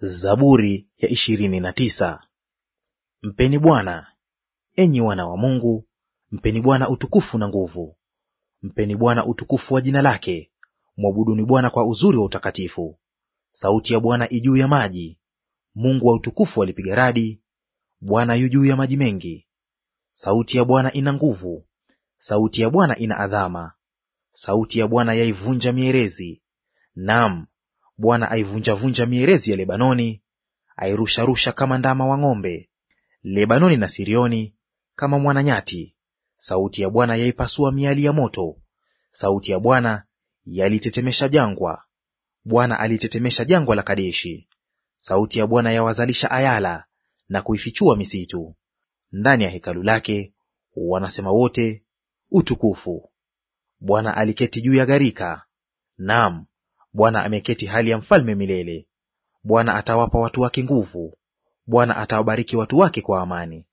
Zaburi ya ishirini na tisa. Mpeni Bwana, enyi wana wa Mungu, mpeni Bwana utukufu na nguvu. Mpeni Bwana utukufu wa jina lake, mwabuduni Bwana kwa uzuri wa utakatifu. Sauti ya Bwana ijuu ya maji, Mungu wa utukufu alipiga radi. Bwana yu juu ya maji mengi. Sauti ya Bwana ina nguvu, sauti ya Bwana ina adhama, sauti ya Bwana yaivunja mierezi. Naam, Bwana aivunjavunja mierezi ya Lebanoni, airusharusha kama ndama wa ng'ombe. Lebanoni na Sirioni kama mwananyati, sauti ya Bwana yaipasua miali ya moto, sauti ya Bwana yalitetemesha jangwa. Bwana alitetemesha jangwa la Kadeshi, sauti ya Bwana yawazalisha ayala na kuifichua misitu. Ndani ya hekalu lake wanasema wote, utukufu. Bwana aliketi juu ya gharika, naam Bwana ameketi hali ya mfalme milele. Bwana atawapa watu wake nguvu. Bwana atawabariki watu wake kwa amani.